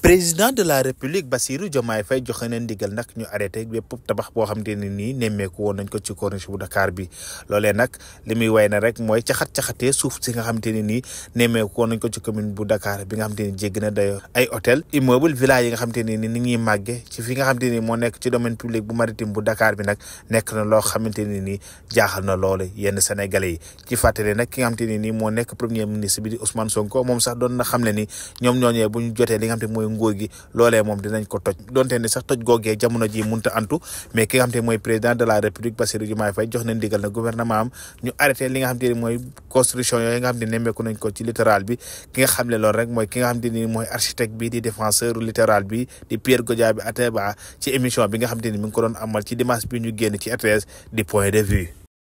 président de la république Bassirou Diomaye Faye joxe na ndigal nag ñu arrêté bépp tabax boo xam te ne nii nemmeeku woon nañ ko ci corniche bu Dakar bi loolee nag li muy way na rek mooy caxat-caxatee suuf si nga xam te ne nii nemmeeku woon nañ ko commune bu Dakar bi nga xam te ni na dayo ay hôtel immeuble village nga xam te ne ni ni ñuy màgge ci fi nga xam te ni moo nekk ci domaine public bu maritime bu Dakar bi nag nekk na loo xamante ne nii jaaxal na loole yenn sénégalais yi ci fàttali nag ki nga xam nii moo nekk premier ministre bi di Ousmane Sonko moom sax doon mooy nguur gi loolee moom dinañ ko toj donte ne sax toj googee jamono ji munta antu mais ki nga xam te mooy président de la république Bassirou Diomaye Faye jox na ndigal na gouvernement am ñu arrêté bi nga xam ne loolu rek mooy ki nga xam di défenseur littoral bi di Pierre Goudiaby Atepa ci émission bi nga xam te ni ko doon amal ci dimanche bi ñu génn ci RTS di point de vue